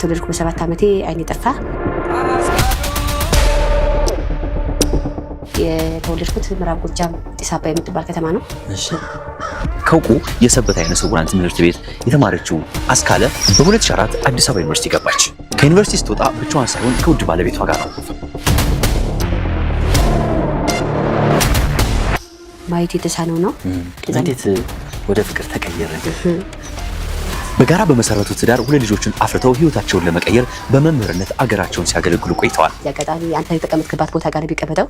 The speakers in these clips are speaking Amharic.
በተወለድኩ በሰባት ዓመቴ አይኔ ጠፋ። የተወለድኩት ምዕራብ ጎጃም ጢስ አባይ የምትባል ከተማ ነው። ከውቁ የሰበት አይነ ስውራን ትምህርት ቤት የተማረችው አስካለ በ2004 አዲስ አበባ ዩኒቨርሲቲ ገባች። ከዩኒቨርሲቲ ስትወጣ ብቻዋን ሳይሆን ከውድ ባለቤቷ ጋር ነው። ማየት የተሳነው ነው። እንዴት ወደ ፍቅር ተቀየረ? በጋራ በመሰረቱት ትዳር ሁለት ልጆችን አፍርተው ህይወታቸውን ለመቀየር በመምህርነት አገራቸውን ሲያገለግሉ ቆይተዋል። አጋጣሚ አንተ የተቀመጥክባት ቦታ ጋር ቢቀበተው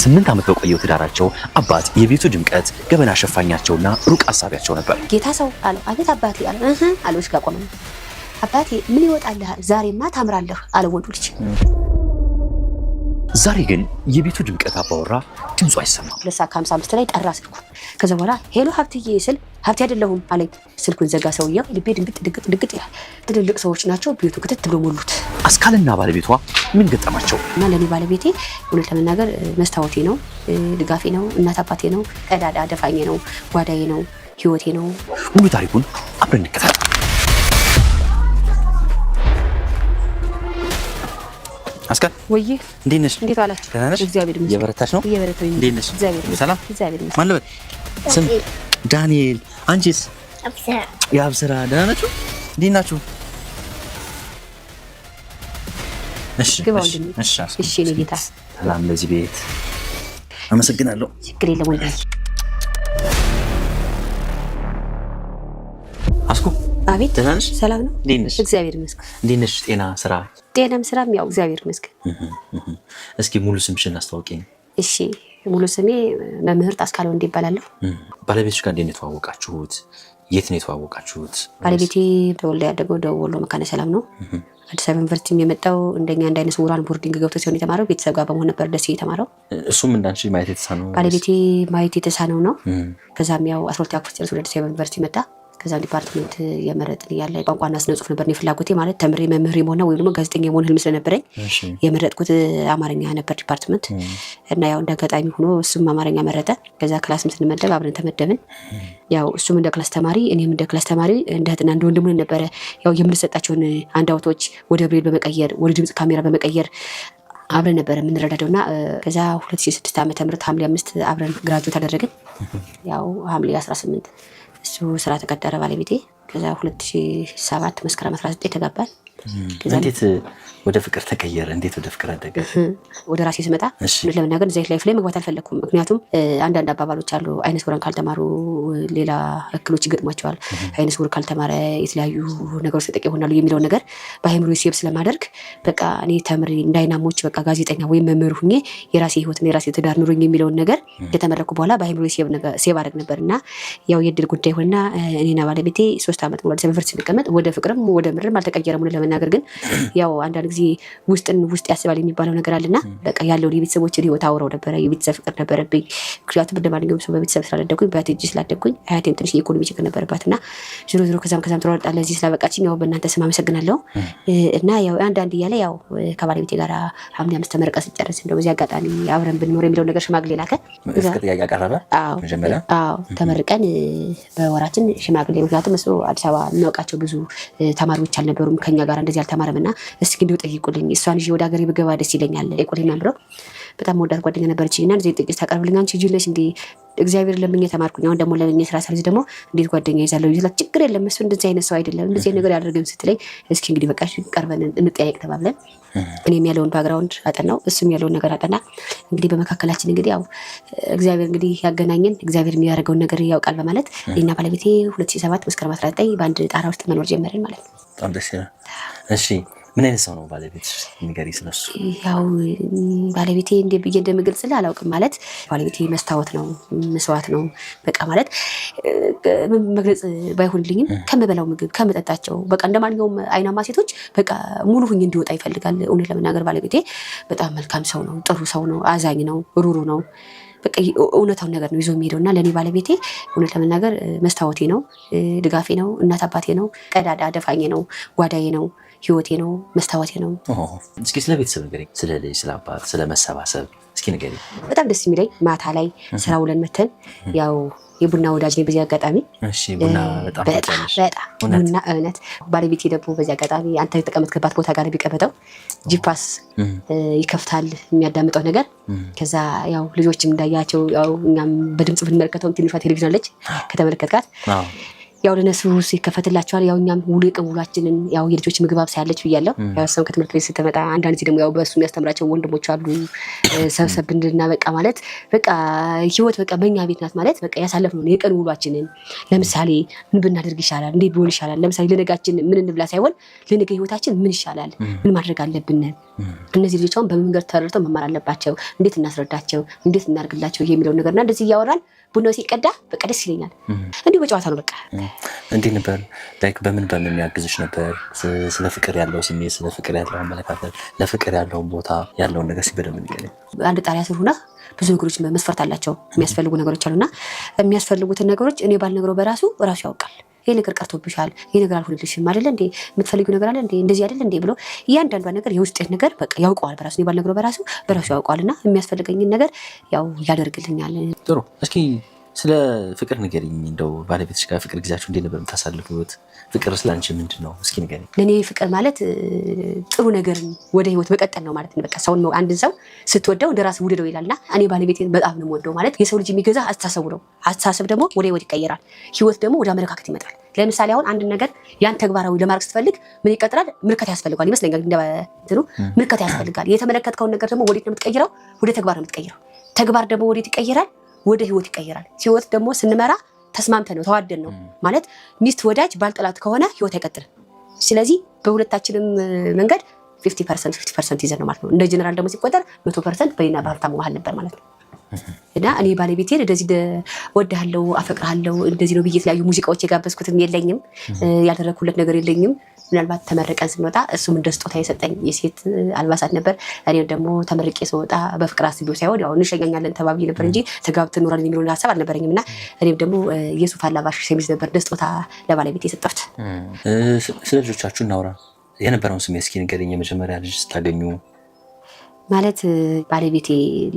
ስምንት ዓመት በቆየው ትዳራቸው አባት የቤቱ ድምቀት ገበና ሸፋኛቸውና ሩቅ አሳቢያቸው ነበር። ጌታ ሰው አለው። አቤት አባቴ አለው። እህ ጋር ቆመ። አባቴ ምን ይወጣልህ? ዛሬማ ታምራለህ አለው ወንዱ ልጅ ዛሬ ግን የቤቱ ድምቀት አባወራ ድምፁ አይሰማም። ሁለት ሰዓት ከሀምሳ አምስት ላይ ጠራ ስልኩ። ከዛ በኋላ ሄሎ ሀብትዬ ስል ሀብቴ አይደለሁም አለኝ። ስልኩን ዘጋ ሰውየው። ልቤ ድንግጥ ድንግጥ ድንግጥ ይላል። ትልልቅ ሰዎች ናቸው። ቤቱ ክትት ብሎ ሞሉት። አስካልና ባለቤቷ ምን ገጠማቸው? እና ለእኔ ባለቤቴ እውነት ለመናገር መስታወቴ ነው፣ ድጋፌ ነው፣ እናት አባቴ ነው፣ ቀዳዳ ደፋኜ ነው፣ ጓዳዬ ነው፣ ህይወቴ ነው። ሙሉ ታሪኩን አብረን እንከታተል። አስካል ወይ እንዴት ነሽ? እንዴት አላችሁ? ደህና ነሽ? እግዚአብሔር ይመስገን። እየበረታሽ ነው? እየበረታኝ ነው። እንዴት ነሽ? እግዚአብሔር ይመስገን። ሰላም? እግዚአብሔር ይመስገን። ማን ልበል? ስም ዳንኤል። አንቺስ? አብስራ። የአብስራ ደህና ናችሁ? እንዴት ናችሁ? እሺ፣ እሺ፣ እሺ፣ እሺ። እኔ ጌታ ሰላም ለዚህ ቤት አመሰግናለሁ። ችግር የለም ወይ አስኩ። አቤት። ደህና ነሽ? ሰላም ነው። እንዴት ነሽ? እግዚአብሔር ይመስገን። እንዴት ነሽ? ጤና፣ ስራ ጤናም ስራም ያው እግዚአብሔር ይመስገን። እስኪ ሙሉ ስምሽን አስታውቂኝ። እሺ ሙሉ ስሜ መምህርት ታስካለ እንዲ ይባላለሁ። ባለቤቶች ጋር እንዴት የተዋወቃችሁት? የት ነው የተዋወቃችሁት? ባለቤቴ ተወልዶ ያደገው ደቡብ ወሎ መካነ ሰላም ነው። አዲስ አበባ ዩኒቨርሲቲም የመጣው እንደኛ እንደ አይነት ስውራን ቦርዲንግ ገብቶ ሲሆን የተማረው ቤተሰብ ጋር በመሆን ነበር ደሴ የተማረው። እሱም እንዳንቺ ማየት የተሳነው ባለቤቴ ማየት የተሳነው ነው። ከዛም ያው አስራ ሁለተኛ ክፍል ወደ አዲስ አበባ ዩኒቨርሲቲ መጣ። ከዛ ዲፓርትመንት የመረጥን ያለ ቋንቋና ስነ ጽሁፍ ነበር ፍላጎቴ። ማለት ተምሬ መምህር የመሆንና ወይም ደግሞ ጋዜጠኛ የመሆን ህልም ስለነበረኝ የመረጥኩት አማርኛ ነበር ዲፓርትመንት እና ያው እንደ አጋጣሚ ሆኖ እሱም አማርኛ መረጠ። ከዛ ክላስም ስንመደብ አብረን ተመደብን። ያው እሱም እንደ ክላስ ተማሪ እኔም እንደ ክላስ ተማሪ እንደ እህትና እንደ ወንድም ነበረ። ያው የምንሰጣቸውን አንዳውቶች ወደ ብሬል በመቀየር ወደ ድምፅ ካሜራ በመቀየር አብረን ነበረ የምንረዳደው እና ከዛ ሁለት ሺህ ስድስት ዓመተ ሐምሌ አምስት አብረን ግራጁዌት አደረግን። ያው ሐምሌ አስራ ስምንት እሱ ስራ ተቀጠረ ባለቤቴ። ከዛ 2007 መስከረም 19 ተጋባል። እንዴት ወደ ፍቅር ተቀየረ? እንዴት ወደ ፍቅር አደገ? ወደ ራሴ ስመጣ እውነት ለመናገር እዚህ ላይፍ ላይ መግባት አልፈለግኩም። ምክንያቱም አንዳንድ አባባሎች አሉ። አይነ ስውራን ካልተማሩ ሌላ እክሎች ይገጥሟቸዋል፣ አይነ ስውር ካልተማረ የተለያዩ ነገሮች ተጠቂ ይሆናሉ የሚለውን ነገር በአይምሮ ሴብ ስለማደርግ በቃ እኔ ተምሬ እንዳይናሞች በቃ ጋዜጠኛ ወይም መምህር ሁኜ የራሴ ህይወት የራሴ ትዳር ኑሮኝ የሚለውን ነገር እንደተመረኩ በኋላ በአይምሮ ሴብ አድረግ ነበር እና ያው የድል ጉዳይ ሆና እኔና ባለቤቴ ሶስት ዓመት ሙሉ አዲስ ስንቀመጥ ወደ ፍቅርም ወደ ምድርም አልተቀየረም ለመናገር ግን ያው አንዳንድ ጊዜ ውስጥን ውስጥ ያስባል የሚባለው ነገር አለና በቃ ያለውን የቤተሰቦችን ህይወት አውረው ነበረ። የቤተሰብ ፍቅር ነበረብኝ። ምክንያቱም እንደማንኛውም ሰው በቤተሰብ ስላደግኩኝ በእህቴ እጅ ስላደግኩኝ አያቴም ትንሽ የኢኮኖሚ ችግር ነበረባት እና ዞሮ ዞሮ ከዛም ከዛም ተሯርጣ ለዚህ ስላበቃችኝ ያው በእናንተ ስም አመሰግናለሁ። እና ያው አንዳንድ እያለ ያው ከባለቤቴ ጋር ሐምሌ አምስት ተመረቀ ስጨርስ እንደው በዚህ አጋጣሚ አብረን ብንኖር የሚለው ነገር ሽማግሌ ላከ። ተመርቀን በወራችን ሽማግሌ ምክንያቱም እሱ አዲስ አበባ የሚያውቃቸው ብዙ ተማሪዎች አልነበሩም ከኛ ጋር ባራ እንደዚህ አልተማረም እና እስኪ እንዲሁ ጠይቁልኝ፣ እሷን ይዤ ወደ ሀገሬ ብገባ ደስ ይለኛል። ቁልኝ መምረው በጣም መወዳት ጓደኛ ነበረች እና ዜ ጥቂት ታቀርብልኝ አንቺ ጅ ነሽ እንዲ እግዚአብሔር ለምኝ ተማርኩኝ። አሁን ደግሞ ለምኝ ስራ ሰርዝ ደግሞ እንዴት ጓደኛ ይዛለሁ ይላት ችግር የለም እሱ እንደዚህ አይነት ሰው አይደለም እንደዚህ ነገር ያደርግም ስትለኝ፣ እስኪ እንግዲህ በቃ ቀርበን እንጠያየቅ ተባብለን እኔም ያለውን ባግራውንድ አጠናው እሱም ያለውን ነገር አጠና። እንግዲህ በመካከላችን እንግዲህ ያው እግዚአብሔር እንግዲህ ያገናኘን እግዚአብሔር የሚያደርገውን ነገር ያውቃል በማለት እኔና ባለቤቴ ሁለት ሰባት መስከረም አስራ ዘጠኝ በአንድ ጣራ ውስጥ መኖር ጀመርን ማለት ነው። በጣም ደስ ይላል። እሺ ምን አይነት ሰው ነው ባለቤትሽ? ንገሪኝ ስለሱ። ያው ባለቤቴ እንደ ብዬ እንደምገልጽልህ አላውቅም። ማለት ባለቤቴ መስታወት ነው፣ መስዋዕት ነው። በቃ ማለት መግለጽ ባይሆንልኝም ከምበላው ምግብ፣ ከምጠጣቸው በቃ እንደ ማንኛውም አይናማ ሴቶች በቃ ሙሉ ሁኝ እንዲወጣ ይፈልጋል። እውነት ለመናገር ባለቤቴ በጣም መልካም ሰው ነው፣ ጥሩ ሰው ነው፣ አዛኝ ነው፣ ሩሩ ነው። በቃ እውነታውን ነገር ነው ይዞ የሚሄደው እና ለእኔ ባለቤቴ እውነት ለመናገር መስታወቴ ነው፣ ድጋፌ ነው፣ እናት አባቴ ነው፣ ቀዳዳ ደፋኝ ነው፣ ጓዳዬ ነው፣ ህይወቴ ነው፣ መስታወቴ ነው። እስኪ ስለ ቤተሰብ ንገረኝ፣ ስለ ልጅ፣ ስለ አባት፣ ስለ መሰባሰብ እስኪ ንገረኝ። በጣም ደስ የሚለኝ ማታ ላይ ስራ ውለን መተን ያው የቡና ወዳጅ ነኝ። በዚህ አጋጣሚ ቡና እውነት ባለቤቴ ደግሞ በዚህ አጋጣሚ አንተ የተቀመጥክባት ቦታ ጋር ቢቀመጠው ጂፓስ ይከፍታል የሚያዳምጠው ነገር። ከዛ ያው ልጆችም እንዳያቸው እኛም በድምፅ ብንመለከተው ትንሿ ቴሌቪዥን አለች ከተመለከትካት ያው ለነሱ ይከፈትላቸዋል። ያው እኛም ውሉ የቀውሏችንን ያው የልጆች ምግብ አብሳያለች ብያለሁ። ያሰም ከትምህርት ቤት ስትመጣ አንዳንድ ጊዜ ደግሞ ያው በእሱ የሚያስተምራቸው ወንድሞች አሉ። ሰብሰብ ብንድና በቃ ማለት በቃ ህይወት በቃ በእኛ ቤት ናት ማለት በቃ ያሳለፍነውን የቀን ውሏችንን ለምሳሌ ምን ብናደርግ ይሻላል፣ እንዴት ቢሆን ይሻላል፣ ለምሳሌ ለነጋችን ምን እንብላ ሳይሆን ለነገ ህይወታችን ምን ይሻላል፣ ምን ማድረግ አለብን። እነዚህ ልጆች አሁን በመንገድ ተረድተው መማር አለባቸው። እንዴት እናስረዳቸው፣ እንዴት እናርግላቸው የሚለውን ነገርና እንደዚህ እያወራል ቡናው ሲቀዳ በቃ ደስ ይለኛል። እንዲሁ በጨዋታ ነው በቃ። እንዲህ ነበር ላይክ በምን በምን የሚያግዝሽ ነበር? ስለ ፍቅር ያለው ስሜት፣ ስለ ፍቅር ያለው አመለካከት፣ ለፍቅር ያለውን ቦታ ያለውን ነገር ሲበደም አንድ ጣሪያ ስር ሁና ብዙ ነገሮች መስፈርት አላቸው። የሚያስፈልጉ ነገሮች አሉና የሚያስፈልጉትን ነገሮች እኔ ባልነግረው በራሱ ራሱ ያውቃል። ይህ ነገር ቀርቶብሻል፣ ይህ ነገር አልሆንልሽም አይደለ እንዴ የምትፈልጊው ነገር አለ እንዴ እንደዚህ አይደለ እንዴ ብሎ እያንዳንዷ ነገር የውስጤት ነገር በቃ ያውቀዋል በራሱ ባልነግረው በራሱ በራሱ ያውቀዋል እና የሚያስፈልገኝን ነገር ያው ያደርግልኛል። ጥሩ እስኪ ስለ ፍቅር ንገሪኝ። እንደው ባለቤትሽ ጋር ፍቅር ጊዜያችሁ እንዴት ነበር የምታሳልፉት? ፍቅር ስለ አንቺ ምንድን ነው? እስኪ ንገሪኝ። ለእኔ ፍቅር ማለት ጥሩ ነገር ወደ ህይወት መቀጠል ነው ማለት ነው። በቃ ሰውን አንድን ሰው ስትወደው እንደ ራስ ውደደው ይላልና እኔ ባለቤቴን በጣም ነው የምወደው። ማለት የሰው ልጅ የሚገዛ አስተሳሰቡ ነው። አስተሳሰብ ደግሞ ወደ ህይወት ይቀየራል። ህይወት ደግሞ ወደ አመለካከት ይመጣል። ለምሳሌ አሁን አንድን ነገር ያን ተግባራዊ ለማድረግ ስትፈልግ ምን ይቀጥላል? ምልከታ ያስፈልጋል ይመስለኛል። እንትኑ ምልከታ ያስፈልጋል። የተመለከትከውን ነገር ደግሞ ወዴት ነው የምትቀይረው? ወደ ተግባር ነው የምትቀይረው። ተግባር ደግሞ ወዴት ይቀይራል? ወደ ህይወት ይቀይራል። ህይወት ደግሞ ስንመራ ተስማምተን ነው ተዋደን ነው ማለት ሚስት ወዳጅ ባልጠላት ከሆነ ህይወት አይቀጥልም። ስለዚህ በሁለታችንም መንገድ ፊፍቲ ፐርሰንት ፊፍቲ ፐርሰንት ይዘን ነው ማለት ነው። እንደ ጀነራል ደግሞ ሲቆጠር መቶ ፐርሰንት በኔና በሀብታሙ መሀል ነበር ማለት ነው። እና እኔ ባለቤቴ እንደዚህ ወድሃለሁ፣ አፈቅርሃለሁ እንደዚህ ነው ብዬ የተለያዩ ሙዚቃዎች የጋበዝኩትም የለኝም፣ ያደረግኩለት ነገር የለኝም። ምናልባት ተመረቀን ስንወጣ እሱም እንደ ስጦታ የሰጠኝ የሴት አልባሳት ነበር። እኔም ደግሞ ተመርቄ ስወጣ በፍቅር አስቤው ሳይሆን ያው እንሸኛኛለን ተባብዬ ነበር እንጂ ተጋብተን ኖራለን የሚለውን ሀሳብ አልነበረኝም። እና እኔም ደግሞ የሱፍ አላባሽ ሸሚዝ ነበር እንደ ስጦታ ለባለቤቴ የሰጠሁት። ስለ ልጆቻችሁ እናውራ። የነበረውን ስሜት እስኪ ንገረኝ። የመጀመሪያ ልጅ ስታገኙ ማለት ባለቤቴ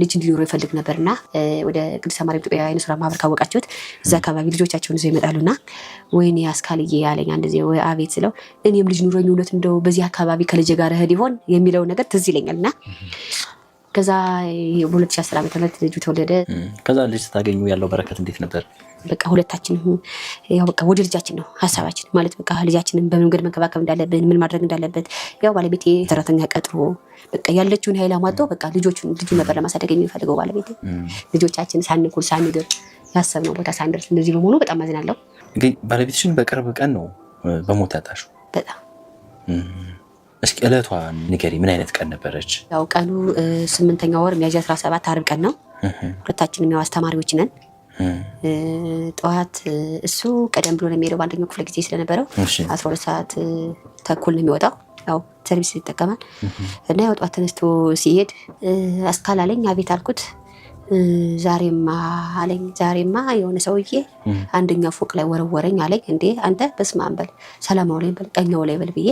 ልጅ እንዲኖሩ ይፈልግ ነበርና ወደ ቅድስተ ማርያም ኢትዮጵያ አይነ ስውራን ማህበር ካወቃችሁት እዛ አካባቢ ልጆቻቸውን ይዘው ይመጣሉና ወይኔ አስካልዬ ያለኝ አንድ ዜ አቤት ስለው እኔም ልጅ ኑሮኝ እውነት እንደው በዚህ አካባቢ ከልጅ ጋር እህድ ይሆን የሚለው ነገር ትዝ ይለኛልና ከዛ በ2010 ዓመተ ምህረት ልጁ ተወለደ። ከዛ ልጅ ስታገኙ ያለው በረከት እንዴት ነበር? በቃ ሁለታችን ያው በቃ ወደ ልጃችን ነው ሀሳባችን ማለት በቃ ልጃችንን በመንገድ መንከባከብ እንዳለብን ምን ማድረግ እንዳለበት ያው ባለቤቴ ሰራተኛ ቀጥሮ በቃ ያለችውን ኃይል አሟጦ በቃ ልጆቹን ልጁ ነበር ለማሳደግ የሚፈልገው ባለቤቴ። ልጆቻችን ሳንኩል ሳንድር ያሰብነው ቦታ ሳንደርስ እንደዚህ በመሆኑ በጣም አዝናለሁ። እንግዲህ ባለቤትሽን በቅርብ ቀን ነው በሞት ያጣሽው። በጣም እስኪ እለቷን ንገሪ፣ ምን አይነት ቀን ነበረች? ያው ቀኑ ስምንተኛ ወር ሚያዝያ አስራ ሰባት አርብ ቀን ነው። ሁለታችንም ያው አስተማሪዎች ነን። ጠዋት እሱ ቀደም ብሎ ነው የሚሄደው በአንደኛው ክፍለ ጊዜ ስለነበረው አስራ ሁለት ሰዓት ተኩል ነው የሚወጣው። ያው ሰርቪስ ይጠቀማል እና ያው ጠዋት ተነስቶ ሲሄድ አስካላለኝ አቤት አልኩት። ዛሬማ አለኝ ዛሬማ የሆነ ሰውዬ አንደኛው ፎቅ ላይ ወረወረኝ አለኝ። እንዴ አንተ በስመ አብ በል ሰላማው ላይ በል ቀኛው ላይ በል ብዬ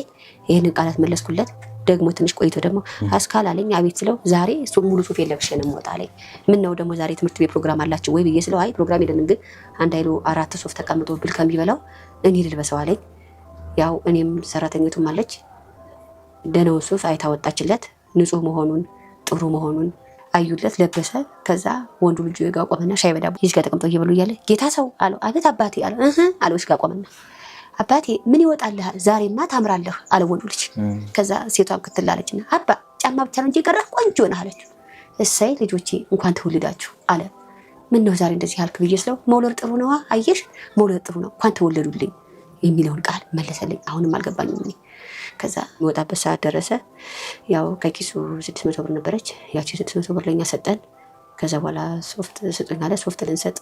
ይህንን ቃላት መለስኩለት። ደግሞ ትንሽ ቆይቶ ደግሞ አስካል አለኝ አቤት ስለው ዛሬ ሙሉ ሱፍ የለብሼ ነው የምወጣ አለኝ። ምን ነው ደግሞ ዛሬ ትምህርት ቤት ፕሮግራም አላቸው ወይ ብዬ ስለው አይ ፕሮግራም የለንም፣ ግን አንድ አይሉ አራት ሶፍ ተቀምጦ ብል ከሚበላው እኔ ልልበሰው አለኝ። ያው እኔም ሰራተኛቱም አለች ደነው ሱፍ አይታወጣችለት ንጹህ መሆኑን ጥሩ መሆኑን አዩለት ለበሰ። ከዛ ወንዱ ልጁ ጋ ቆመና ሻይ በዳቦ ይህ ጋ ተቀምጠው እየበሉ እያለ ጌታ ሰው አለው። አቤት አባቴ አለው። አለው ጋ ቆመና አባቴ ምን ይወጣልህ ዛሬማ ታምራለህ አለ ወንዱ ልጅ። ከዛ ሴቷ ክትል አለችና አባ ጫማ ብቻ ነው እንጂ የቀረህ ቆንጆ ነህ አለች። እሰይ ልጆቼ እንኳን ተወለዳችሁ አለ። ምን ነው ዛሬ እንደዚህ ያልክ ብዬ ስለው መውለድ ጥሩ ነዋ፣ አየሽ መውለድ ጥሩ ነው እንኳን ተወለዱልኝ የሚለውን ቃል መለሰልኝ። አሁንም አልገባኝም። ከዛ መወጣበት ሰዓት ደረሰ። ያው ከኪሱ ስድስት መቶ ብር ነበረች። ያቺ ስድስት መቶ ብር ለኛ ሰጠን። ከዛ በኋላ ሶፍት ስጡኝ አለ። ሶፍት ልንሰጥ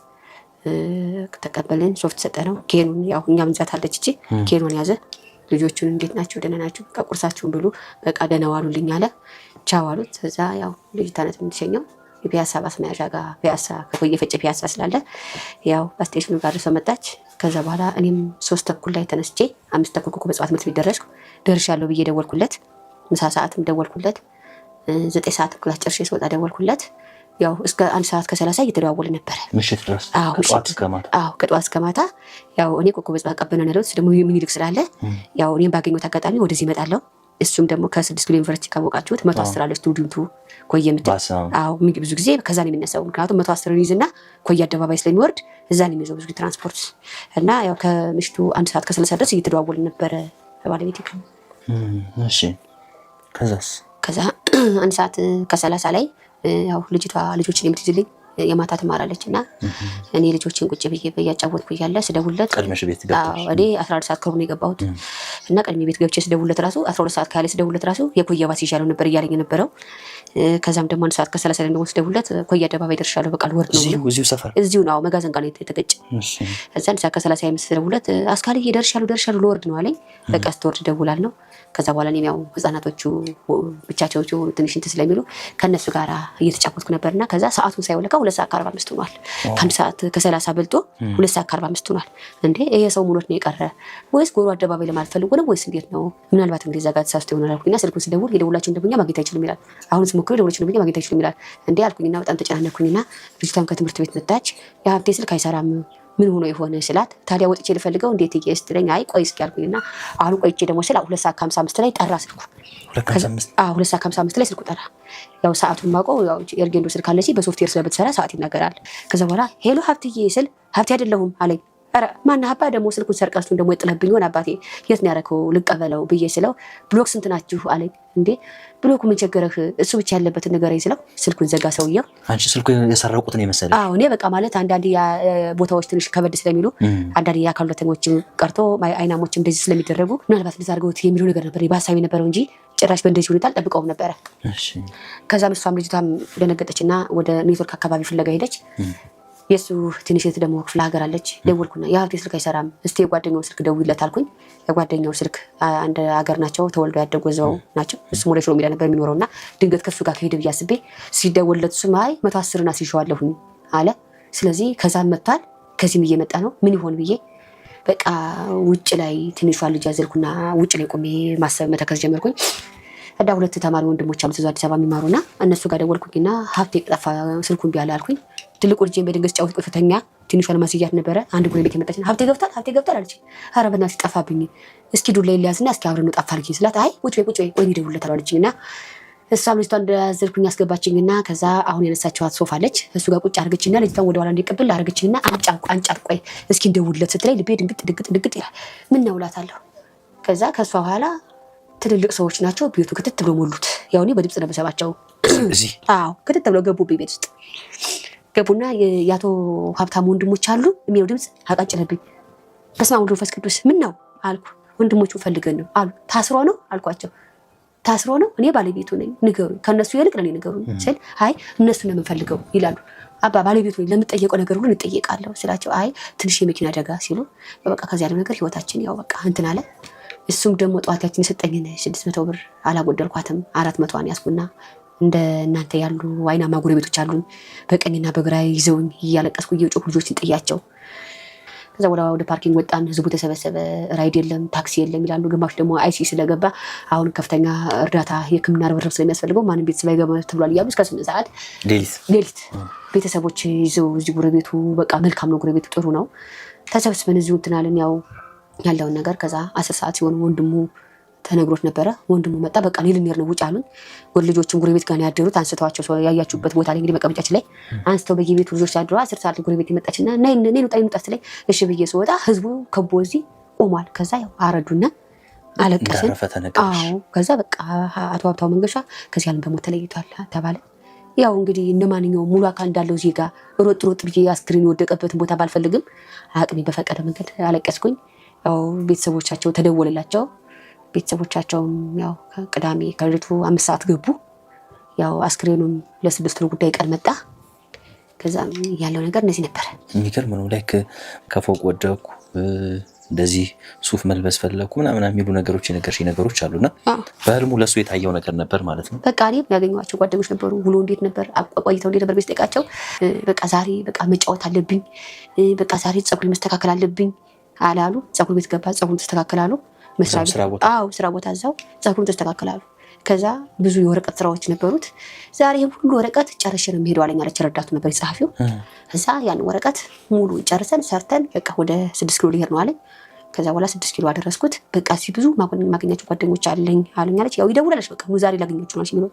ተቀበልን። ሶፍት ሰጠ ነው ኬኑን ያው እኛም ዛት አለች እቺ ኬኑን ያዘ። ልጆቹን እንዴት ናቸው? ደህና ናቸው? በቃ ቁርሳችሁን ብሉ፣ በቃ ደህና ዋሉልኝ አለ። ቻው አሉት። ከዛ ያው ልጅ ታነት የምትሸኘው የፒያሳ ባስ ጋር ፒያሳ ከፎ እየፈጨ ፒያሳ ስላለ ያው በስቴሽኑ ጋር ደርሰው መጣች። ከዛ በኋላ እኔም ሶስት ተኩል ላይ ተነስቼ አምስት ተኩል ኮኮ በጽዋት ምርት ቤት ደረስኩ። ደርሻለሁ ብዬ ደወልኩለት። ምሳ ሰዓትም ደወልኩለት። ዘጠኝ ሰዓት ክላስ ጨርሼ ስወጣ ደወልኩለት። ያው እስከ አንድ ሰዓት ከሰላሳ እየተደዋወል ነበረ ምሽት ድረስ ከጠዋት እስከ ማታ። ያው እኔ ኮኮ ጽባ ቀበነ ነው ያለሁት ደግሞ ምኒልክ ስላለ ያው እኔም ባገኘሁት አጋጣሚ ወደዚህ እመጣለሁ። እሱም ደግሞ ከስድስት ኪሎ ዩኒቨርሲቲ ካወቃችሁት መቶ አስር አለ ስቱዲንቱ ኮየ የምትል ብዙ ጊዜ ከዛ ነው የሚነሳው። ምክንያቱም መቶ አስር ይዝ እና ኮየ አደባባይ ስለሚወርድ እዛ ነው የሚይዘው ብዙ ትራንስፖርት እና ያው ከምሽቱ አንድ ሰዓት ከሰላሳ ድረስ እየተደዋወል ነበረ በባለቤቴ ቀን። እሺ ከዛስ? ከዛ አንድ ሰዓት ከሰላሳ ላይ ያው ልጅቷ ልጆችን የምትይዝልኝ የማታ ትማራለች እና እኔ ልጆችን ቁጭ ብዬ እያጫወትኩ እያለ ስደውለት እኔ አስራ ሁለት ሰዓት ከሆነ የገባሁት እና ቀድሜ ቤት ገብቼ ስደውለት ራሱ አስራ ሁለት ሰዓት ካለ ስደውለት ራሱ የኮየባስ ይሻለው ነበር እያለኝ ነበረው ከዛም ደግሞ አንድ ሰዓት ከሰላሳ ላይ ደግሞ ስደውልለት ኮያ አደባባይ ደርሻለሁ በቃል ልወርድ ነው እዚሁ ነው መጋዘን ጋር የተገጨ እዛ አንድ ሰዓት ከሰላሳ ላይ ስደውልለት አስካልዬ ደርሻለሁ ደርሻለሁ ልወርድ ነው አለኝ በቃ ስትወርድ ደውላል ነው ከዛ በኋላ እኔም ያው ህፃናቶቹ ብቻቸው ትንሽ እንትን ስለሚሉ ከእነሱ ጋር እየተጫወትኩ ነበር እና ከዛ ሰዓቱን ሳይወለቃ ሁለት ሰዓት ከአርባ አምስት ሆኗል። ከአንድ ሰዓት ከሰላሳ በልጦ ሁለት ሰዓት ከአርባ አምስት ሆኗል። እንዴ ይሄ ሰው ሙሎት ነው የቀረ ወይስ ጎሮ አደባባይ ለማልፈልጎ ነው ወይስ እንዴት ነው? ምናልባት እንግዲህ እዛ ተሳስቶ ይሆናል አልኩኝና ስልኩን ስደውል የደውላቸው እንደኛ ማግኘት አይችልም ይላል። አሁን ሞክሮ ደውለሽ ነው ብዬ ማግኘት አይችሉም ይላል። እንዲህ አልኩኝና በጣም ተጨናነኩኝና ልጅቷም ከትምህርት ቤት መጣች። የሀብቴ ስልክ አይሰራም ምን ሆኖ የሆነ ስላት፣ ታዲያ ወጥቼ ልፈልገው እንዴት ዬ ስትለኝ አይ ቆይ እስኪ አልኩኝና አሁን ቆይቼ ደግሞ ስላ ሁለት ሰዓት ከሀምሳ አምስት ላይ ጠራ ስልኩ። ሁለት ሰዓት ከሀምሳ አምስት ላይ ስልኩ ጠራ። ያው ሰዓቱን ማውቀው የእርጌንዶ ስልክ አለች በሶፍትዌር ስለምትሰራ ሰዓት ይነገራል። ከዛ በኋላ ሄሎ ሀብትዬ ስል ሀብቴ አይደለሁም አለኝ። ረ ማን አባ ደግሞ ስልኩን ሰርቀሱን ደግሞ የጥለብኝ ሆን አባቴ የት ነው ያደረከው? ልቀበለው ብዬ ስለው ብሎክ ስንት ናችሁ አለኝ። እንዴ ብሎክ ምን ቸገረህ? እሱ ብቻ ያለበትን ንገረኝ ስለው ስልኩን ዘጋ ሰውየው። አንቺ ስልኩን የሰረቁት ነው የመሰለሽ? አዎ እኔ በቃ ማለት አንዳንድ ቦታዎች ትንሽ ከበድ ስለሚሉ አንዳንድ የአካል ጉዳተኞችም ቀርቶ አይናሞች እንደዚህ ስለሚደረጉ ምናልባት እንደዚያ አድርገውት የሚሉ ነገር ነበር በሀሳቢ ነበረው እንጂ ጭራሽ በእንደዚህ ሁኔታ አልጠብቀውም ነበረ። ከዛም እሷም ልጅቷም ደነገጠች እና ወደ ኔትወርክ አካባቢ ፍለጋ ሄደች። የእሱ ትንሽ እህት ደግሞ ክፍለ ሀገር አለች። ደወልኩና የሀብቴ ስልክ አይሰራም፣ እስቲ የጓደኛውን ስልክ ደውይለት አልኩኝ። የጓደኛው ስልክ አንድ ሀገር ናቸው፣ ተወልዶ ያደጉ እዛው ናቸው። እሱ ወደ ሽሮ ሜዳ ነበር የሚኖረው እና ድንገት ከሱ ጋር ከሄድ ብዬ አስቤ ሲደወልለት እሱም አይ መቶ አስርና ሲሸዋለሁኝ አለ። ስለዚህ ከዛም መጥቷል፣ ከዚህም እየመጣ ነው። ምን ይሆን ብዬ በቃ ውጭ ላይ ትንሿ ልጅ ያዘልኩና ውጭ ላይ ቆሜ ማሰብ መተከስ ጀመርኩኝ። እና ሁለት ተማሪ ወንድሞች አሉ እዛ አዲስ አበባ የሚማሩና እነሱ ጋር ደወልኩኝና ሀብቴ ጠፋ ስልኩ እምቢ አለ አልኩኝ። ትልቁ ልጅ በድንገት ጫወት ቆፈተኛ ትንሿ ለማስያት ነበረ። አንድ ጉ ቤት የመጣች ሀብቴ ገብታል፣ ሀብቴ ገብታል አለች። ኧረ በእናትሽ ጠፋብኝ፣ እስኪ ዱላ ሊያዝና እስኪ አብረን ጣፋ አልኝ ስላት፣ አይ ውጭ በይ ቁጭ ወይ ቆይ እደውልለታለሁ አለችኝ እና እሷም ልጅቷን እንደያዘልኩኝ አስገባችኝና ከዛ አሁን የነሳችኋት ሶፋ አለች እሱ ጋር ቁጭ አድርገችኝና ልጅቷን ወደኋላ እንዲቀብል አድርገችኝና አንጫት ቆይ እስኪ እንደውለት ስትለኝ ልቤ ድንግጥ ድንግጥ ድንግጥ ይላል። ምን ነው እላታለሁ። ከዛ ከእሷ በኋላ ትልልቅ ሰዎች ናቸው። ቤቱ ክትት ብሎ ሞሉት። ያው እኔ በድምፅ ነው የምሰማቸው። አዎ ክትት ብሎ ገቡ። ቤት ውስጥ ገቡና የአቶ ሀብታም ወንድሞች አሉ የሚለው ድምፅ አቃጭለብኝ። በስመ አብ ወወልድ ወመንፈስ ቅዱስ ምን ነው አልኩ። ወንድሞቹ ፈልገን ነው አሉ። ታስሮ ነው አልኳቸው። ታስሮ ነው እኔ ባለቤቱ ነኝ ንገሩ፣ ከእነሱ ይልቅ ለእኔ ንገሩ ስል አይ እነሱ ነው የምንፈልገው ይላሉ። አባ ባለቤቱ ነኝ ለምጠየቀው ነገር ሁሉ እንጠየቃለሁ ስላቸው አይ ትንሽ የመኪና አደጋ ሲሉ በቃ ከዚያ ያለው ነገር ህይወታችን ያው በቃ እንትን አለ እሱም ደግሞ ጠዋታችን የሰጠኝን ስድስት መቶ ብር አላጎደልኳትም። አራት መቶዋን ያስኩና እንደ እናንተ ያሉ አይናማ ጎረቤቶች አሉኝ። በቀኝና በግራ ይዘውኝ እያለቀስኩ እየጮሁ ልጆችን ጥያቸው ከዛ ወደ ወደ ፓርኪንግ ወጣን። ህዝቡ ተሰበሰበ። ራይድ የለም ታክሲ የለም ይላሉ። ግማሽ ደግሞ አይሲ ስለገባ አሁን ከፍተኛ እርዳታ የህክምና ርብርብ ስለሚያስፈልገው ማንም ቤተሰብ አይገባ ተብሏል እያሉ እስከ ስምንት ሰዓት ሌሊት ቤተሰቦች ይዘው እዚህ ጎረቤቱ በቃ መልካም ነው፣ ጎረቤቱ ጥሩ ነው። ተሰብስበን እዚሁ እንትን አለን ያው ያለውን ነገር ከዛ አስር ሰዓት ሲሆን ወንድሙ ተነግሮት ነበረ። ወንድሙ መጣ። በቃ እኔ ልንሄድ ነው ውጭ አሉኝ። ወደ ልጆችም ጎረቤት ጋር ያደሩት አንስተዋቸው ያያችሁበት ቦታ ላይ እንግዲህ መቀመጫችን ላይ አንስተው በየቤቱ ልጆች ያድሮ አስር ሰዓት ጎረቤት የመጣችና ኔንጣ ይምጣት ላይ እሺ ብዬ ስወጣ ህዝቡ ከቦ እዚህ ቆሟል። ከዛ አረዱና አለቀስን። አዎ ከዛ በቃ አቶ ሀብታው መንገሻ ከዚህ ዓለም በሞት ተለይቷል ተባለ። ያው እንግዲህ እንደ ማንኛውም ሙሉ አካል እንዳለው ዜጋ ሮጥ ሮጥ ብዬ አስክሬን የወደቀበትን ቦታ ባልፈልግም አቅሜ በፈቀደ መንገድ አለቀስኩኝ። ያው ቤተሰቦቻቸው ተደወለላቸው። ቤተሰቦቻቸውም ያው ቅዳሜ ከልጅቱ አምስት ሰዓት ገቡ። ያው አስክሬኑም ለስድስት ጉዳይ ቀን መጣ። ከዛ ያለው ነገር እንደዚህ ነበረ። የሚገርም ነው። ላይክ ከፎቅ ወደኩ እንደዚህ ሱፍ መልበስ ፈለግኩ ምናምን የሚሉ ነገሮች የነገርሽ ነገሮች አሉና በህልሙ ለእሱ የታየው ነገር ነበር ማለት ነው። በቃ እኔም ያገኘኋቸው ጓደኞች ነበሩ። ውሎ እንዴት ነበር፣ ቆይተው እንዴት ነበር ቤት በቃ ዛሬ በቃ መጫወት አለብኝ፣ በቃ ዛሬ ፀጉር መስተካከል አለብኝ አላሉ። ፀጉር ቤት ገባ፣ ፀጉር ተስተካከላሉ። ስራ ቦታ እዛው ፀጉር ተስተካከላሉ። ከዛ ብዙ የወረቀት ስራዎች ነበሩት። ዛሬ ሁሉ ወረቀት ጨርሼ ነው የሚሄደው አለኝ አለች። ረዳቱ ነበር ጸሐፊው። እዛ ያን ወረቀት ሙሉ ጨርሰን ሰርተን በቃ ወደ ስድስት ኪሎ ሊሄድ ነው አለኝ። ከዛ በኋላ ስድስት ኪሎ አደረስኩት። በቃ ሲ ብዙ ማገኛቸው ጓደኞች አለኝ አሉኝ አለች። ያው ይደውላለች። በቃ ዛሬ ላገኛቸው ነው የሚለው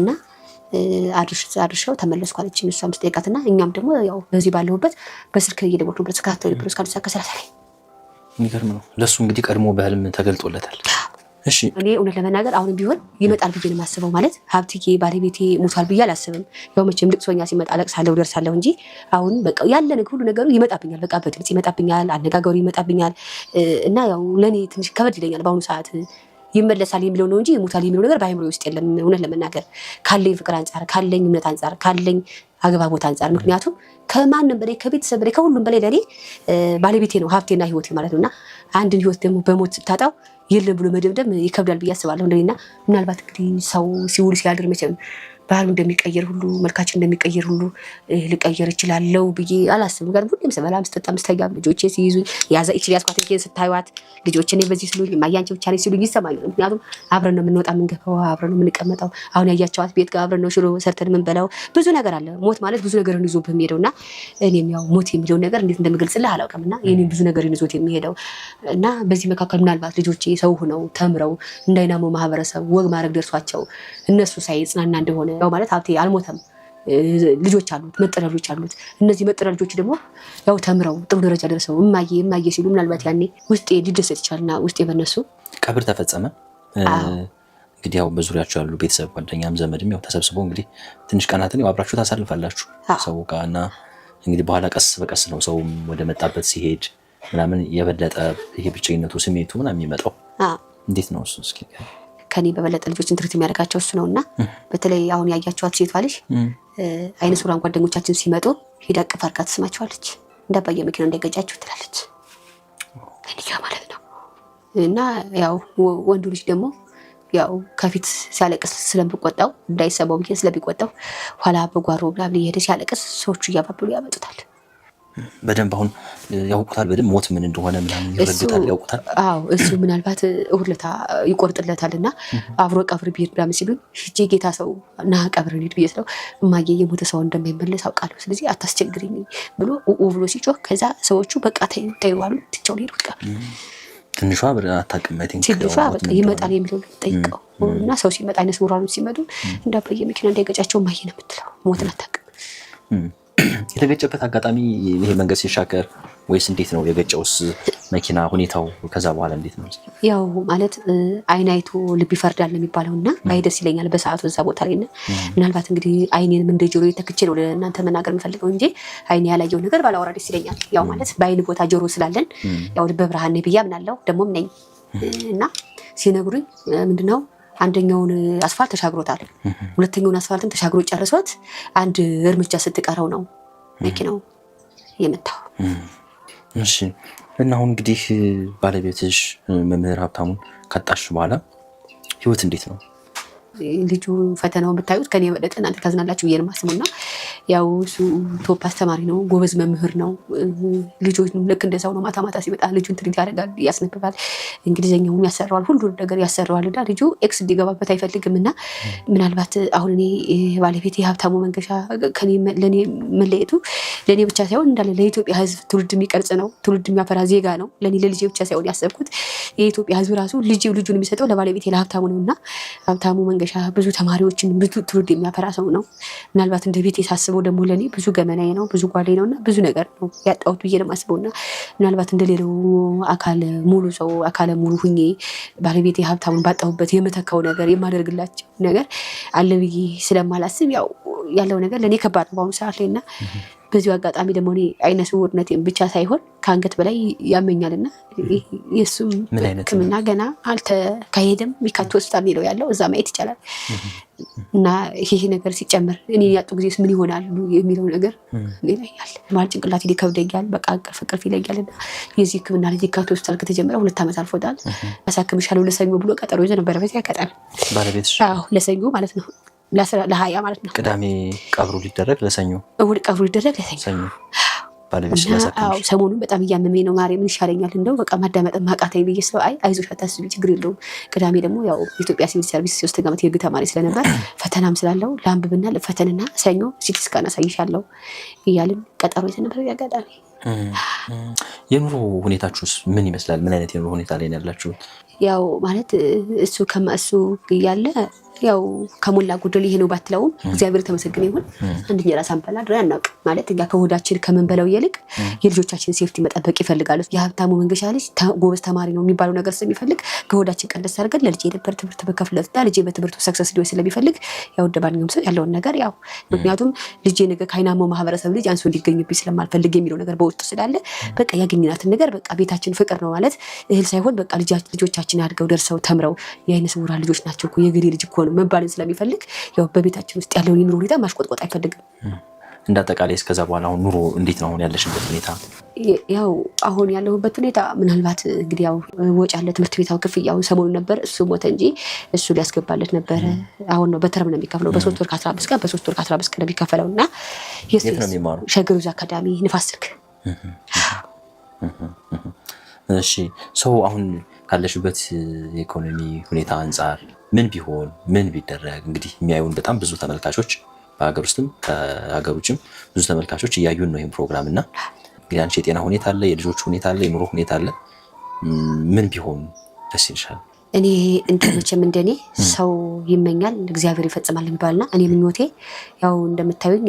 እና አድርሸው ተመለስኩ አለች። እሷ አምስት እና እኛም ደግሞ ያው በዚህ ባለሁበት በስልክ እየደወልኩ ነበር ስካቶ ሊብሮስ ከሰላሳ ላይ የሚገርም ነው። ለእሱ እንግዲህ ቀድሞ በህልም ተገልጦለታል። እሺ እኔ እውነት ለመናገር አሁንም ቢሆን ይመጣል ብዬ ነው የማስበው። ማለት ሀብትዬ ባለቤቴ ሞቷል ብዬ አላስብም። ያው መቼም ልቅሶኛ ሲመጣ ለቅሳለሁ፣ ደርሳለሁ እንጂ አሁን በቃ ያለን ሁሉ ነገሩ ይመጣብኛል። በቃ በድምፅ ይመጣብኛል፣ አነጋገሩ ይመጣብኛል እና ያው ለእኔ ትንሽ ከበድ ይለኛል በአሁኑ ሰዓት ይመለሳል የሚለው ነው እንጂ ይሞታል የሚለው ነገር በአይምሮ ውስጥ የለም። እውነት ለመናገር ካለኝ ፍቅር አንጻር፣ ካለኝ እምነት አንጻር፣ ካለኝ አግባቦት አንጻር ምክንያቱም ከማንም በላይ ከቤተሰብ በላይ ከሁሉም በላይ ለእኔ ባለቤቴ ነው ሀብቴና ህይወቴ ማለት ነው እና አንድን ህይወት ደግሞ በሞት ስታጣው የለም ብሎ መደምደም ይከብዳል ብዬ አስባለሁ። እንደኔና ምናልባት እንግዲህ ሰው ሲውል ሲያድር መቼም ባህሉ እንደሚቀየር ሁሉ መልካችን እንደሚቀየር ሁሉ ልቀየር እችላለሁ ብዬ አላስብም። ጋር ሁሌም ስበላ ምስጠጣ ምስተጋም ልጆቼ ሲይዙ ያዛ ይችል ያስኳት ልጄን ስታዩት ልጆች እኔ በዚህ ስሉኝ ማያንቺ ብቻ ነኝ ሲሉኝ ይሰማኛል። ምክንያቱም አብረን ነው የምንወጣ የምንገባው፣ አብረን ነው የምንቀመጠው። አሁን ያያቸዋት ቤት ጋር አብረን ነው ሽሮ ሰርተን የምንበላው። ብዙ ነገር አለ። ሞት ማለት ብዙ ነገርን ይዞ የሚሄደው እና እኔም ያው ሞት የሚለውን ነገር እንዴት እንደምገልጽልህ አላውቅም እና ይህ ብዙ ነገር ይዞት የሚሄደው እና በዚህ መካከል ምናልባት ልጆቼ ሰው ሆነው ተምረው እንዳይናመው ማህበረሰብ ወግ ማድረግ ደርሷቸው እነሱ ሳይጽናና እንደሆነ ያው ማለት ሀብቴ አልሞተም፣ ልጆች አሉት፣ መጠሪያ ልጆች አሉት። እነዚህ መጠሪያ ልጆች ደግሞ ያው ተምረው ጥሩ ደረጃ ደርሰው እማዬ እማዬ ሲሉ ምናልባት ያኔ ውስጤ ሊደሰት ይቻልና ውስጤ በነሱ ቀብር ተፈጸመ። እንግዲህ ያው በዙሪያቸው ያሉ ቤተሰብ ጓደኛም ዘመድም ያው ተሰብስቦ እንግዲህ ትንሽ ቀናትን ያው አብራችሁ ታሳልፋላችሁ ሰው ጋር እና እንግዲህ በኋላ ቀስ በቀስ ነው ሰውም ወደ መጣበት ሲሄድ ምናምን የበለጠ ይሄ ብቸኝነቱ ስሜቱ ምናምን የሚመጣው እንዴት ነው እሱ እስኪ ከኔ በበለጠ ልጆችን ትርት የሚያደርጋቸው እሱ እና በተለይ አሁን ያያቸዋት ሴቷ ልጅ አይነ ሱራን ጓደኞቻችን ሲመጡ ሄዳ አቅፍ አድርጋ ትስማቸዋለች። እንዳባየ መኪና እንዳይገጫቸው ትላለች ያ ማለት ነው። እና ያው ወንዱ ልጅ ደግሞ ያው ከፊት ሲያለቅስ ስለምቆጣው እንዳይሰማው ብዬ ስለሚቆጣው ኋላ በጓሮ ብላ እየሄደ ሲያለቅስ ሰዎቹ እያባብሉ ያመጡታል። በደንብ አሁን ያውቁታል። በደንብ ሞት ምን እንደሆነ ምናምን ይረዱታል፣ ያውቁታል። አዎ እሱ ምናልባት እሑድ ይቆርጥለታል እና አብሮ ቀብር ብሄድ ምናምን ሲሉኝ ሂጄ ጌታ ሰው ና ቀብር ሄድ ብዬ ስለው እማዬ የሞተ ሰው እንደማይመለስ አውቃለሁ፣ ስለዚህ አታስቸግሪኝ ብሎ ብሎ ሲጮህ ከዛ ሰዎቹ በቃ ተይው ትቸውን ሄድ ትቼው በቃ ትንሿ ብር አታውቅም። ትንሿ ይመጣል የሚለው ጠይቀው እና ሰው ሲመጣ አይነት ቡራኖች ሲመጡ እንዳበየ መኪና እንዳይገጫቸው ማየ ነው የምትለው ሞትን አታውቅም የተገጨበት አጋጣሚ ይሄ መንገድ ሲሻገር ወይስ እንዴት ነው የገጨውስ? መኪና ሁኔታው ከዛ በኋላ እንዴት ነው? ያው ማለት አይን አይቶ ልብ ይፈርዳል ነው የሚባለው እና ባይ ደስ ይለኛል በሰዓቱ እዛ ቦታ ላይ እና ምናልባት እንግዲህ አይኔንም እንደ ጆሮ ተክቼ ነው ለእናንተ መናገር የምፈልገው እንጂ አይኔ ያላየው ነገር ባላወራ ደስ ይለኛል። ያው ማለት በአይን ቦታ ጆሮ ስላለን ያው ልበ ብርሃን ብዬ አምናለሁ ደግሞም ነኝ እና ሲነግሩኝ ምንድነው አንደኛውን አስፋልት ተሻግሮታል። ሁለተኛውን አስፋልትን ተሻግሮ ጨርሶት አንድ እርምጃ ስትቀረው ነው መኪናው የመታው። እሺ እና አሁን እንግዲህ ባለቤትሽ መምህር ሀብታሙን ካጣሽ በኋላ ህይወት እንዴት ነው? ልጁ ፈተናውን ብታዩት ከኔ የበለጠ እናንተ ታዝናላችሁ ብዬ ነው የማስበው። እና ያው እሱ ቶፕ አስተማሪ ነው፣ ጎበዝ መምህር ነው። ልጆች ልክ እንደ ነው። ማታ ማታ ሲመጣ ልጁን ትሪት ያደርጋል፣ ያስነብባል፣ እንግሊዝኛውን ያሰረዋል፣ ሁሉ ነገር ያሰራዋል። እና ልጁ ኤክስ እንዲገባበት አይፈልግም። እና ምናልባት አሁን እኔ ባለቤት የሀብታሙ መንገሻ ለእኔ መለየቱ ለእኔ ብቻ ሳይሆን እንዳለ ለኢትዮጵያ ሕዝብ ትውልድ የሚቀርጽ ነው፣ ትውልድ የሚያፈራ ዜጋ ነው። ለእኔ ለልጄ ብቻ ሳይሆን ያሰብኩት የኢትዮጵያ ሕዝብ ራሱ ልጅ ልጁን የሚሰጠው ለባለቤት ለሀብታሙ ነው እና ሀብታሙ መንገሻ መነሻ ብዙ ተማሪዎችን ብዙ ትውልድ የሚያፈራ ሰው ነው። ምናልባት እንደ ቤት የሳስበው ደግሞ ለእኔ ብዙ ገመናዊ ነው፣ ብዙ ጓዴ ነው እና ብዙ ነገር ነው ያጣሁት ብዬ ነው የማስበው እና ምናልባት እንደሌላው አካል ሙሉ ሰው አካለ ሙሉ ሁኜ ባለቤት የሀብታሙን ባጣሁበት የመተካው ነገር የማደርግላቸው ነገር አለ ብዬ ስለማላስብ ያው ያለው ነገር ለእኔ ከባድ ነው በአሁኑ ሰዓት ላይ እና በዚሁ አጋጣሚ ደግሞ እኔ አይነ ስውርነቴን ብቻ ሳይሆን ከአንገት በላይ ያመኛል ያመኛልና የእሱም ሕክምና ገና አልተካሄደም። ሚካቱ ሆስፒታል የሚለው ያለው እዛ ማየት ይቻላል። እና ይሄ ነገር ሲጨምር እኔ ያጡ ጊዜ ምን ይሆናሉ የሚለው ነገር ይለኛል። ማለት ጭንቅላት ይከብደኛል፣ በቃ እንቅልፍ እንቅልፍ ይለኛል። እና የዚህ ሕክምና ልጅ ሚካቱ ሆስፒታል ከተጀመረ ሁለት ዓመት አልፎታል። ያሳክምሻለሁ ለሰኞ ብሎ ቀጠሮ ይዞ ነበረ። በዚህ አጋጣሚ ለሰኞ ማለት ነው ለሀያ ማለት ነው። ቅዳሜ ቀብሩ ሊደረግ ለሰኞ እሑድ ቀብሩ ሊደረግ ለሰኞ ሰሞኑን በጣም እያመመኝ ነው ማርያም፣ ምን ይሻለኛል እንደው በቃ ማዳመጥ ማቃተኝ ብዬ ስለው አይ አይዞሽ አታስቢ ችግር የለውም ቅዳሜ ደግሞ ያው የኢትዮጵያ ሲቪል ሰርቪስ ሶስት ዓመት የህግ ተማሪ ስለነበር ፈተናም ስላለው ለአንብብና ለፈተንና ሰኞ ሲቲ ስካን አሳይሻለሁ እያልን ቀጠሮ የተነበረ አጋጣሚ የኑሮ ሁኔታችሁስ ምን ይመስላል? ምን አይነት የኑሮ ሁኔታ ላይ ያላችሁት? ያው ማለት እሱ ከማእሱ እያለ ያው ከሞላ ጎደል ይሄ ነው ባትለውም እግዚአብሔር ተመሰግን ይሁን። አንድ እንጀራ ሳንበላ ድረን አናውቅ። ማለት እኛ ከሆዳችን ከምንበላው ይልቅ የልጆቻችን ሴፍቲ መጠበቅ ይፈልጋሉ። የሀብታሙ መንገሻ ልጅ ጎበዝ ተማሪ ነው የሚባለው ነገር ስለሚፈልግ ከሆዳችን ቀንደስ አድርገን ለልጅ የነበር ትምህርት በከፍለትና ልጅ በትምህርቱ ሰክሰስ ሊሆን ስለሚፈልግ ያው ደባኛውም ሰው ያለውን ነገር ያው ምክንያቱም ልጅ ነገ ከአይናማው ማህበረሰብ ልጅ አንሶ እንዲገኝብኝ ስለማልፈልግ የሚለው ነገር በውስጡ ስላለ በቃ ያገኝናትን ነገር በቃ ቤታችን ፍቅር ነው ማለት እህል ሳይሆን በቃ ልጆቻ ቤታችን አድገው ደርሰው ተምረው የአይነ ስውራን ልጆች ናቸው እኮ የግሌ ልጅ እኮ ነው መባልን ስለሚፈልግ ያው በቤታችን ውስጥ ያለውን የኑሮ ሁኔታ ማሽቆጥቆጥ አይፈልግም። እንዳጠቃላይ እስከዛ በኋላ አሁን ኑሮ እንዴት ነው አሁን ያለሽበት ሁኔታ? ያው አሁን ያለሁበት ሁኔታ ምናልባት እንግዲህ ያው ወጪ አለ። ትምህርት ቤታው ያው ክፍያውን ሰሞኑን ነበር እሱ ሞተ እንጂ እሱ ሊያስገባለት ነበረ። አሁን ነው በተርም ነው የሚከፍለው። በሶስት ወር ከአስራ አምስት ቀን በሶስት ወር ከአስራ አምስት ቀን ነው የሚከፈለው እና ሸገሩዝ አካዳሚ ንፋስ ስልክ እሺ ሰው አሁን ካለሽበት የኢኮኖሚ ሁኔታ አንጻር ምን ቢሆን ምን ቢደረግ እንግዲህ የሚያዩን በጣም ብዙ ተመልካቾች በሀገር ውስጥም ከሀገር ውጭም ብዙ ተመልካቾች እያዩን ነው ይህም ፕሮግራም እና እንግዲህ አንቺ የጤና ሁኔታ አለ፣ የልጆች ሁኔታ አለ፣ የኑሮ ሁኔታ አለ። ምን ቢሆን ደስ ይልሻል? እኔ እንደመቼም እንደኔ ሰው ይመኛል እግዚአብሔር ይፈጽማል ይባልና እኔ ምኞቴ ያው እንደምታዩኝ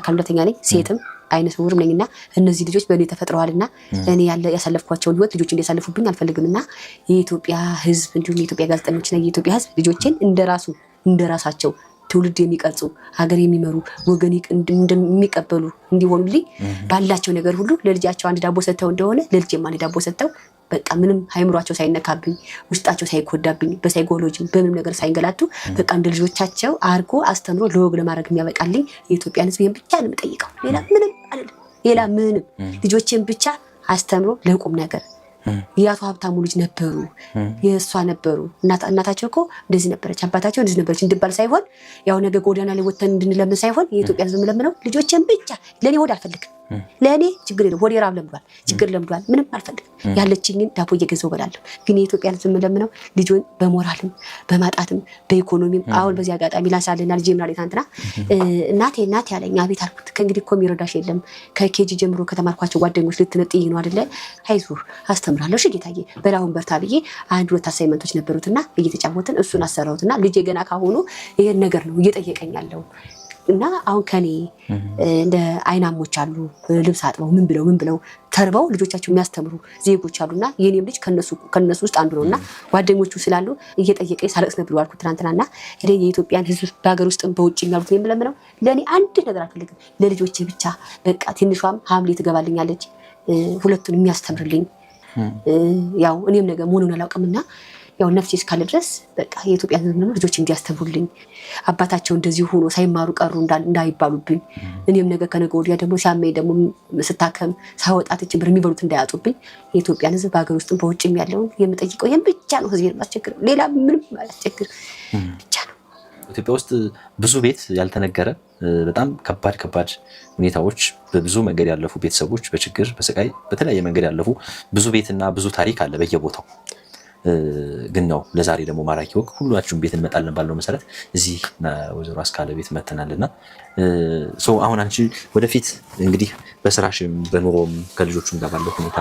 አካል ጉዳተኛ ነኝ፣ ሴትም አይነ ስውርም ነኝ እና እነዚህ ልጆች በእኔ ተፈጥረዋል እና እኔ ያሳለፍኳቸውን ህይወት ልጆች እንዲያሳልፉብኝ አልፈልግም እና የኢትዮጵያ ህዝብ እንዲሁም የኢትዮጵያ ጋዜጠኞችና የኢትዮጵያ ህዝብ ልጆችን እንደራሱ እንደራሳቸው ትውልድ የሚቀርጹ ሀገር የሚመሩ ወገን የሚቀበሉ እንዲሆኑልኝ ባላቸው ነገር ሁሉ ለልጃቸው አንድ ዳቦ ሰጥተው እንደሆነ ለልጄም አንድ ዳቦ ሰጥተው በቃ ምንም ሃይምሯቸው ሳይነካብኝ ውስጣቸው ሳይጎዳብኝ በሳይኮሎጂ በምንም ነገር ሳይንገላቱ በቃ እንደ ልጆቻቸው አርጎ አስተምሮ ለወግ ለማድረግ የሚያበቃልኝ የኢትዮጵያን ሕዝብ ይህን ብቻ የምጠይቀው ሌላ ምንም አይደለም። ሌላ ምንም ልጆችን ብቻ አስተምሮ ለቁም ነገር የአቶ ሀብታሙ ልጅ ነበሩ፣ የእሷ ነበሩ። እናታቸው እኮ እንደዚህ ነበረች፣ አባታቸው እንደዚህ ነበረች እንድባል ሳይሆን ያው ነገ ጎዳና ላይ ወተን እንድንለምን ሳይሆን የኢትዮጵያ ሕዝብ የምለምነው ልጆችን ብቻ ለእኔ ወደ አልፈልግም ለእኔ ችግር የለም። ወደ ራብ ለምዷል፣ ችግር ለምዷል። ምንም አልፈልግም። ያለችኝን ዳቦ እየገዛሁ እበላለሁ። ግን የኢትዮጵያን ሕዝብ የምለምነው ልጆን በሞራልም በማጣትም በኢኮኖሚም። አሁን በዚህ አጋጣሚ ላንሳልና ልጅ ምናለች ትናንትና እናቴ እናቴ ያለኝ አቤት አልኩት። ከእንግዲህ እኮ የሚረዳሽ የለም ከኬጂ ጀምሮ ከተማርኳቸው ጓደኞች ልትነጥይ ነው አደለ? ሀይዙ አስተምራለሁ። እሺ ጌታዬ በላሁን በርታ ብዬ አንድ ሁለት አሳይመንቶች ነበሩትና እየተጫወትን እሱን አሰራሁትና ልጄ ገና ካሁኑ ይሄን ነገር ነው እየጠየቀኝ ያለው እና አሁን ከኔ እንደ አይናሞች አሉ ልብስ አጥበው ምን ብለው ምን ብለው ተርበው ልጆቻቸው የሚያስተምሩ ዜጎች አሉና የኔም ልጅ ከነሱ ውስጥ አንዱ ነው እና ጓደኞቹ ስላሉ እየጠየቀ ሳለቅስ ነበር ዋልኩት ትናንትናና ሄደ የኢትዮጵያን ሕዝብ በሀገር ውስጥ በውጭ የሚያሉት የምለምነው ለእኔ አንድ ነገር አልፈልግም፣ ለልጆቼ ብቻ በቃ ትንሿም ሐምሌ ትገባልኛለች ሁለቱን የሚያስተምርልኝ ያው እኔም ነገ መሆኑን አላውቅምና ያው ነፍሴ እስካለ ድረስ በቃ የኢትዮጵያ ሕዝብ ልጆች እንዲያስተምሩልኝ አባታቸው እንደዚህ ሆኖ ሳይማሩ ቀሩ እንዳይባሉብኝ እኔም ነገ ከነገ ወዲያ ደግሞ ሲያመኝ ደግሞ ስታከም ሳወጣትች ብር የሚበሉት እንዳያጡብኝ የኢትዮጵያን ሕዝብ በሀገር ውስጥም በውጭም ያለውን የምጠይቀው ይህም ብቻ ነው። ሕዝብ ማስቸግር ሌላ ምንም አላስቸግር ብቻ ነው። ኢትዮጵያ ውስጥ ብዙ ቤት ያልተነገረ በጣም ከባድ ከባድ ሁኔታዎች በብዙ መንገድ ያለፉ ቤተሰቦች በችግር በስቃይ በተለያየ መንገድ ያለፉ ብዙ ቤትና ብዙ ታሪክ አለ በየቦታው ግን ነው ለዛሬ ደግሞ ማራኪ ወግ ሁላችሁም ቤት እንመጣለን ባለው መሰረት እዚህ ወይዘሮ አስካለ ቤት መተናልና አሁን አንቺ ወደፊት እንግዲህ በስራሽም በኑሮም ከልጆቹም ጋር ባለው ሁኔታ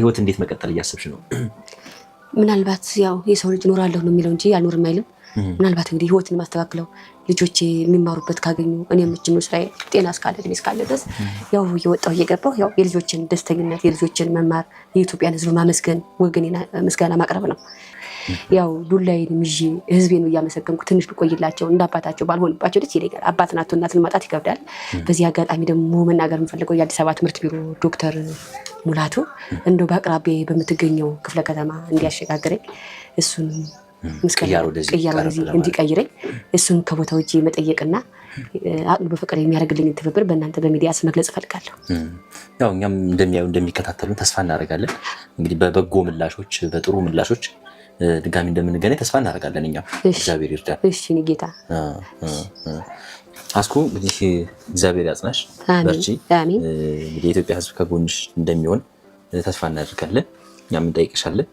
ህይወት እንዴት መቀጠል እያሰብሽ ነው? ምናልባት ያው የሰው ልጅ እኖራለሁ ነው የሚለው እንጂ አልኖርም አይልም። ምናልባት እንግዲህ ህይወትን ማስተካክለው ልጆቼ የሚማሩበት ካገኙ እኔ የምችኑ ስራ ጤና እስካለ እድሜ እስካለ ድረስ ያው እየወጣሁ እየገባው ያው የልጆችን ደስተኝነት የልጆችን መማር የኢትዮጵያን ሕዝብ ማመስገን ወገኔን ምስጋና ማቅረብ ነው። ያው ዱላዬን ይዤ ሕዝቤን እያመሰገንኩ ትንሽ ብቆይላቸው እንደ አባታቸው ባልሆንባቸው ደስ ይለኛል። አባት ናቶ እናትን ማጣት ይከብዳል። በዚህ አጋጣሚ ደግሞ መናገር የምፈልገው የአዲስ አበባ ትምህርት ቢሮ ዶክተር ሙላቱ እንደው በአቅራቢያ በምትገኘው ክፍለ ከተማ እንዲያሸጋግረኝ እሱን እንዲቀይረኝ እሱን ከቦታ ውጭ መጠየቅና አቅሉ በፈቀደ የሚያደርግልኝ ትብብር በእናንተ በሚዲያ መግለጽ እፈልጋለሁ። ያው እኛም እንደሚያዩ እንደሚከታተሉን ተስፋ እናደርጋለን። እንግዲህ በበጎ ምላሾች፣ በጥሩ ምላሾች ድጋሚ እንደምንገናኝ ተስፋ እናደርጋለን። እኛም እግዚአብሔር ይርዳል። እሺ ጌታ አስኩ እንግዲህ እግዚአብሔር ያጽናሽ፣ በርቺ። እንግዲህ የኢትዮጵያ ሕዝብ ከጎንሽ እንደሚሆን ተስፋ እናደርጋለን። እኛም እንጠይቅሻለን።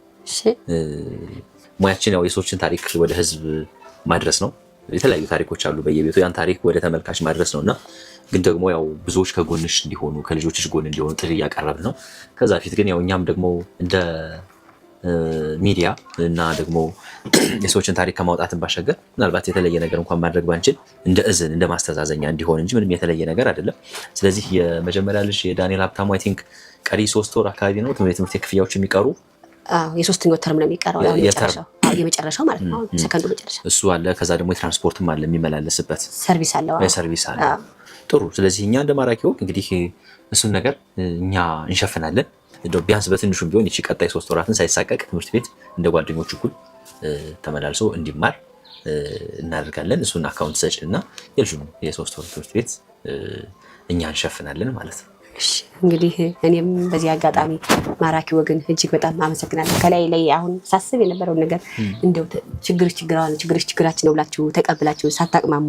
ሙያችን ያው የሰዎችን ታሪክ ወደ ህዝብ ማድረስ ነው። የተለያዩ ታሪኮች አሉ በየቤቱ ያን ታሪክ ወደ ተመልካች ማድረስ ነው እና ግን ደግሞ ያው ብዙዎች ከጎንሽ እንዲሆኑ ከልጆችሽ ጎን እንዲሆኑ ጥሪ እያቀረብ ነው። ከዛ ፊት ግን ያው እኛም ደግሞ እንደ ሚዲያ እና ደግሞ የሰዎችን ታሪክ ከማውጣትን ባሻገር ምናልባት የተለየ ነገር እንኳን ማድረግ ባንችል እንደ እዝን እንደ ማስተዛዘኛ እንዲሆን እንጂ ምንም የተለየ ነገር አይደለም። ስለዚህ የመጀመሪያ ልጅ የዳንኤል ሀብታሙ አይ ቲንክ ቀሪ ሶስት ወር አካባቢ ነው ትምህርት ክፍያዎች የሚቀሩ የሶስተኛው ተርም ነው የሚቀረው የመጨረሻው ማለት ነው። ሰከንዱ መጨረሻ እሱ አለ። ከዛ ደግሞ የትራንስፖርትም አለ የሚመላለስበት ሰርቪስ አለ ሰርቪስ አለ። ጥሩ። ስለዚህ እኛ እንደ ማራኪ እንግዲህ እሱን ነገር እኛ እንሸፍናለን። ቢያንስ በትንሹም ቢሆን ይቺ ቀጣይ ሶስት ወራትን ሳይሳቀቅ ትምህርት ቤት እንደ ጓደኞቹ እኩል ተመላልሶ እንዲማር እናደርጋለን። እሱን አካውንት ሰጭን እና የልጁ የሶስት ወር ትምህርት ቤት እኛ እንሸፍናለን ማለት ነው። እንግዲህ እኔም በዚህ አጋጣሚ ማራኪ ወግን እጅግ በጣም አመሰግናለሁ። ከላይ ላይ አሁን ሳስብ የነበረውን ነገር እንደው ችግር ችግሮች ችግራችን ነው ብላችሁ ተቀብላችሁ ሳታቅማሙ፣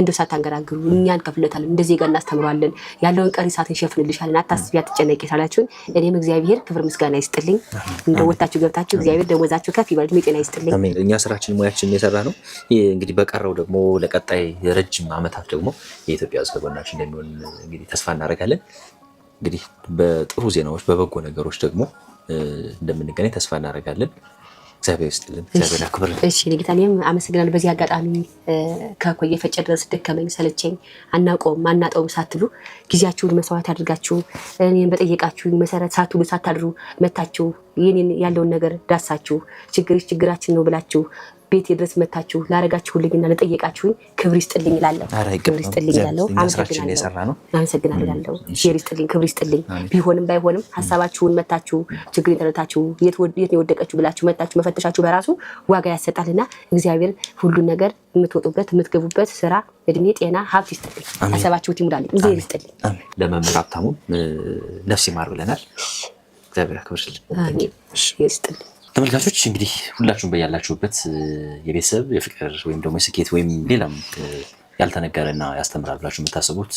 እንደው ሳታንገራግሩ እኛ እንከፍልለታለን፣ እንደ ዜጋ እናስተምረዋለን፣ ያለውን ቀሪ ሰዓት እንሸፍንልሻለን፣ አታስቢ፣ አትጨነቂ ሳላችሁን እኔም እግዚአብሔር ክብር ምስጋና ይስጥልኝ። እንደ ወታችሁ ገብታችሁ እግዚአብሔር ደሞዛችሁ ከፍ ይበል፣ ጤና ይስጥልኝ። እኛ ስራችን ሙያችን የሰራ ነው። እንግዲህ በቀረው ደግሞ ለቀጣይ ረጅም አመታት ደግሞ የኢትዮጵያ ሕዝብ ከጎናችን እንደሚሆን እንግዲህ ተስፋ እናደርጋለን። እንግዲህ በጥሩ ዜናዎች በበጎ ነገሮች ደግሞ እንደምንገናኝ ተስፋ እናደርጋለን። እግዚአብሔር ይስጥልን፣ እግዚአብሔር ያክብርልን። እሺ ጌታ፣ እኔም አመሰግናለሁ። በዚህ አጋጣሚ ከኮ የፈጨ ድረስ ደከመኝ ሰለቸኝ አናቆም አናጠውም ሳትሉ ጊዜያችሁን መስዋዕት አድርጋችሁ እኔን በጠየቃችሁ መሰረት ሳትሉ ሳታድሩ መታችሁ ይህንን ያለውን ነገር ዳሳችሁ ችግር ችግራችን ነው ብላችሁ ቤት ድረስ መታችሁ ላደረጋችሁልኝና ለጠየቃችሁኝ ክብር ይስጥልኝ እላለሁ። ክብር ይስጥልኝ እላለሁ። አመሰግናለሁ። ክብር ይስጥልኝ፣ ክብር ይስጥልኝ። ቢሆንም ባይሆንም ሀሳባችሁን መታችሁ ችግር የተረታችሁ የት ነው የወደቀችሁ ብላችሁ መታችሁ መፈተሻችሁ በራሱ ዋጋ ያሰጣልና እግዚአብሔር ሁሉን ነገር የምትወጡበት የምትገቡበት ስራ፣ እድሜ፣ ጤና፣ ሀብት ይስጥልኝ። ሀሳባችሁት ይሙላልኝ። እግዚአብሔር ይስጥልኝ። ለመምህር ሀብታሙ ነፍስ ይማር ብለናል። እግዚአብሔር ክብር ይስጥልኝ። ተመልካቾች እንግዲህ ሁላችሁም በያላችሁበት የቤተሰብ የፍቅር ወይም ደግሞ የስኬት ወይም ሌላም ያልተነገረና ያስተምራል ብላችሁ የምታስቡት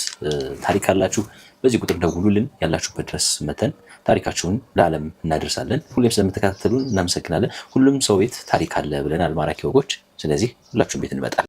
ታሪክ አላችሁ፣ በዚህ ቁጥር ደውሉልን። ያላችሁበት ድረስ መተን ታሪካችሁን ለዓለም እናደርሳለን። ሁሌም ስለምትከታተሉን እናመሰግናለን። ሁሉም ሰው ቤት ታሪክ አለ ብለናል ማራኪ ወጎች። ስለዚህ ሁላችሁም ቤት እንመጣለን።